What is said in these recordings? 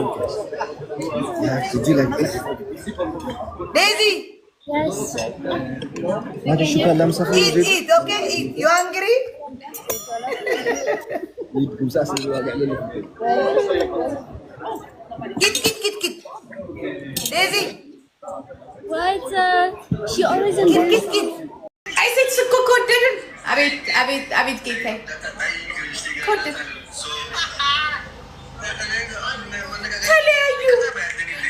Yeah, you like this? Daisy! Yes. Mari suka dalam safar. Eat, eat, okay, eat. You hungry? Eat, kumsa sih agak Kit, kit, kit, kit. Daisy. What? Uh, she always in kit, kit, kit. I said Sukuko didn't. Abit, abit, abit, kit. Kit. Eh? ተለያዩ።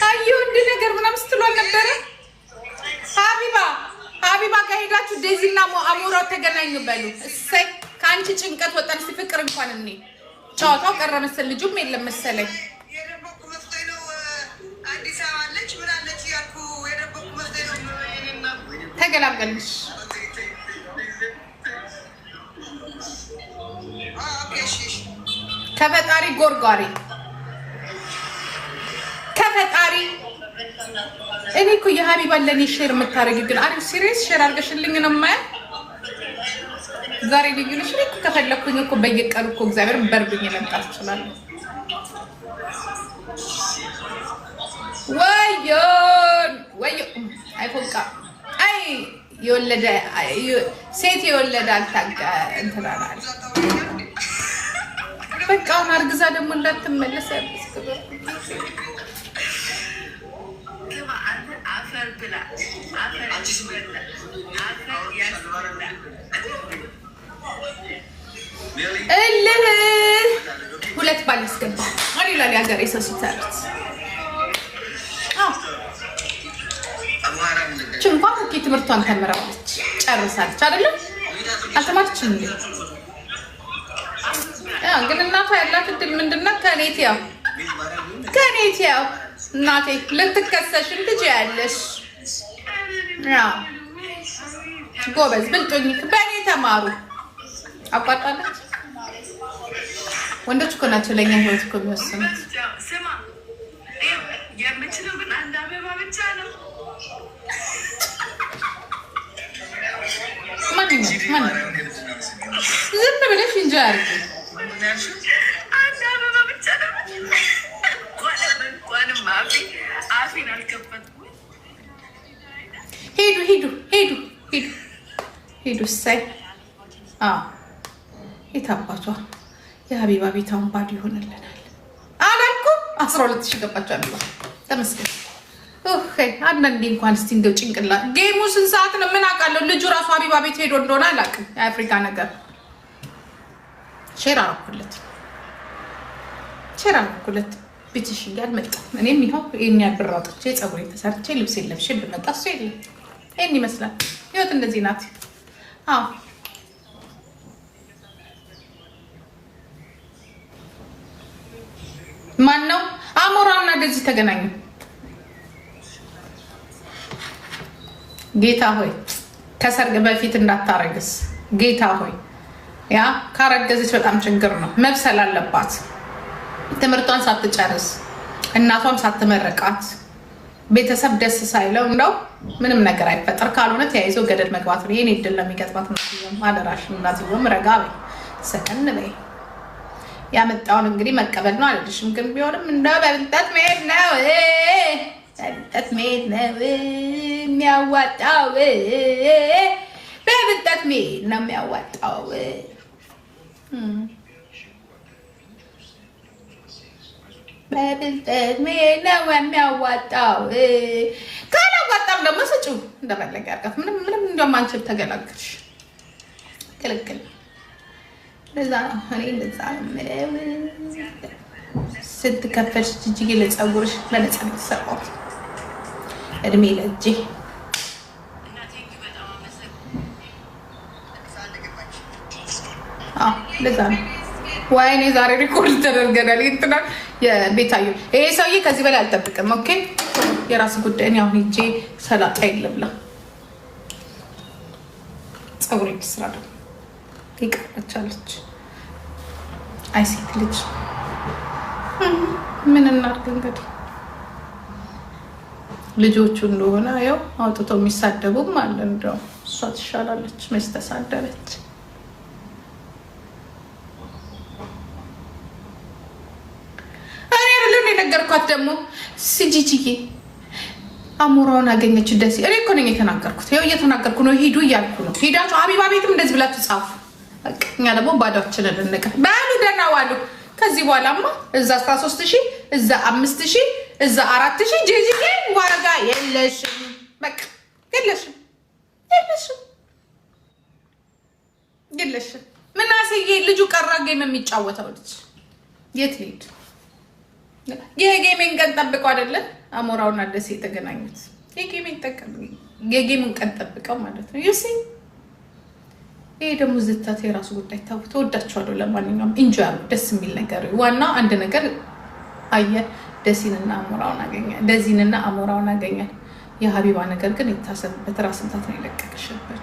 አየሁ እንዲህ ነገር ምናምን ስትሉ አልነበረ? ሀቢባ ሀቢባ ጋር ሄዳችሁ ዴዚና አሞራው ተገናኙ በሉ። እሰይ ከአንቺ ጭንቀት ወጣን። ፍቅር እንኳን እኔ ጨዋታው ቀረ መሰል ልጁም የለም መሰለኝ። ተገላገልሽ። ከፈጣሪ ጎርጓሪ ከፈጣሪ እኔ እኮ የሀቢባን ለእኔ ሼር የምታደርጊው ግን አሪፍ ሲሪየስ ሼር አድርገሽልኝ ነው የማየው። ዛሬ ልዩ ነሽ። እኔ ከፈለግኩኝ እኮ በየቀኑ እኮ እግዚአብሔር በርብኝ መምጣት እችላለሁ። ወዮ ወዮ አይፎቃ አይ የወለደ ሴት የወለደ አልታቀ እንትናናል። በቃ አሁን አርግዛ ደግሞ እንዳትመለስ ያለች ግባ አንተ አፈር ብላ እልህ ሁለት ባል ያስገባ ማን ይላል የሀገሬ ሰው ሲታረት እንኳን ኦኬ ትምህርቷን ተምራለች ጨርሳለች አይደለም አልተማርችም ግን እናቷ ያላት እድል ምንድን ነው ከኔት ያው ከኔት ያው እናቴ ልትከሰሽም ትችያለሽ። ጎበዝ ብልጦኝ በእኔ ተማሩ። አቋጣለች። ወንዶች እኮ ናቸው ለእኛ ህይወት እኮ የሚወስኑት። የምችለው ማንኛውም ዝም ብለሽ እንጂ አድርጊ ሂዱ እሰይ። የት አባቷ የሀቢባ ቤት አሁን ባዶ ይሆንልናል አላልኩም? አስራ ሁለት ሺህ ገባች አቢባ ተመስገን። አንዳንዴ እንኳን እስቲ እንደው ጭንቅላ ጌሙ ስንት ሰዓት ነው? ምን አውቃለሁ። ልጁ ራሱ ሀቢባ ቤት ሄዶ እንደሆነ አላውቅም። የአፍሪካ ነገር ሼር አረኩለት፣ ሼር አረኩለት። ቤትሽ እያልመጣ እኔም ይኸው ይህን ያህል ብር ተሰርቼ ልብሴን ለብሼ ብመጣ እሱ የለም። ይህን ይመስላል ህይወት፣ እንደዚህ ናት። አዎ ማን ነው አሞራውና እንደዚህ ተገናኙ? ጌታ ሆይ ከሰርግ በፊት እንዳታረግዝ። ጌታ ሆይ ያ ካረገዘች በጣም ችግር ነው። መብሰል አለባት ትምህርቷን ሳትጨርስ እናቷም ሳትመረቃት ቤተሰብ ደስ ሳይለው እንደው ምንም ነገር አይፈጠር፣ ካልሆነ ተያይዞ ገደል መግባት ነው። ይህን ድል ለሚገጥማት አደራሽ፣ እናትየውም ረጋ በይ፣ ሰከን በይ። ያመጣውን እንግዲህ መቀበል ነው አልልሽም፣ ግን ቢሆንም እንደው በብልጠት መሄድ ነው በብልጠት መሄድ ነው የሚያዋጣው፣ በብልጠት መሄድ ነው የሚያዋጣው። በብልጠት መሄድ ነው የሚያዋጣው። ካላዋጣም ደግሞ ስጪው እንደፈለገ ያርጋት። ምንም ምንም እንደውም አንቺ ተገላገልሽ። ክልክል ለዛ ነው እኔ ለዛ ነው ስትከፈልሽ ጅጅጌ ለፀጉርሽ በነፃ ነው የተሰራው። እድሜ ለእጄ ለዛ ነው። ወይኔ ዛሬ ሪኮርድ ተደርገናል ይትናል የቤታዩ ይሄ ሰውዬ ከዚህ በላይ አልጠብቅም። ኦኬ የራስ ጉዳይ። እኔ አሁን ሂጄ ሰላጣ የለም ፀጉር ስራ ደግሞ ይቀረቻለች። አይሴት ልጅ ምን እናድርግ እንግዲህ ልጆቹ እንደሆነ ያው አውጥቶ የሚሳደቡም አለ። እንደው እሷ ትሻላለች፣ መች ተሳደበች። የነገርኳት ደግሞ ስጂጂዬ አሞራውን አገኘች ደስ እኔ እኮ ነኝ የተናገርኩት። ይኸው እየተናገርኩ ነው። ሂዱ እያልኩ ነው። ሂዳችሁ አቢባ ቤትም እንደዚህ ብላችሁ ጻፉ። እኛ ደግሞ ባዷችንን እንቀር በሉ። ደህና ዋሉ። ከዚህ በኋላማ እዛ አስራ ሺህ እዛ አምስት ሺህ እዛ አራት ሺህ ጂጂዬ ዋጋ የለሽም፣ በቃ የለሽም፣ የለሽም፣ የለሽም። ምናሴዬ ልጁ ቀራ ጌም የሚጫወተው ልጅ የት ሊሄድ የጌሜን ቀን ጠብቀው አይደለም አሞራውና ደሴ የተገናኙት። የጌሜን ቀን ጠብቀው ማለት ነው። ዩሲ ይሄ ደግሞ ዝታት የራሱ ጉዳይ ታው ተወዳችኋለሁ። ለማንኛውም ኢንጆይ አሉ። ደስ የሚል ነገር ዋናው አንድ ነገር አየ ደሲንና አሞራውን አገኘ ደዚንና አሞራውን አገኛል። የሀቢባ ነገር ግን የታሰብበት ራስ ምታት ነው የለቀቀሽብን።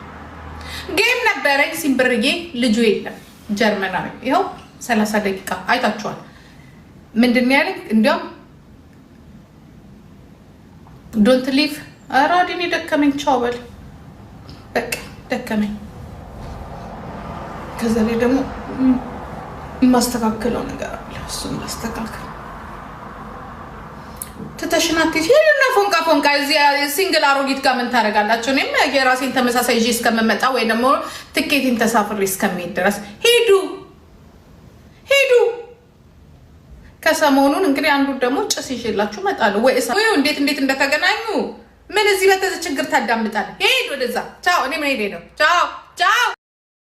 ጌም ነበረኝ ሲምብርዬ ልጁ የለም ጀርመናዊ ይኸው ሰላሳ ደቂቃ አይታችኋል። ምንድን ያለኝ እንዲያውም ዶንት ሊቭ አራዲኔ ደከመኝ፣ ቻው በል በቃ ደከመኝ። ከዛ ላይ ደግሞ የማስተካከለው ነገር አለ። እሱ ማስተካከል ትተሽናት ይሄና ፎንቃ ፎንቃ እዚያ ሲንግል አሮጊት ጋር ምን ታደርጋላቸው? እኔም የራሴን ተመሳሳይ ይዤ እስከምመጣ ወይ ደግሞ ትኬቴን ተሳፍሬ እስከሚሄድ ድረስ ሄዱ ከሰሞኑን እንግዲህ አንዱ ደግሞ ጭስ ይዤላችሁ እመጣለሁ ወይ እሳ እንዴት እንዴት እንደተገናኙ ምን እዚህ በተዘ ችግር ታዳምጣለህ? ሄድ ወደዛ። ቻው። እኔ መሄዴ ነው። ቻው ቻው።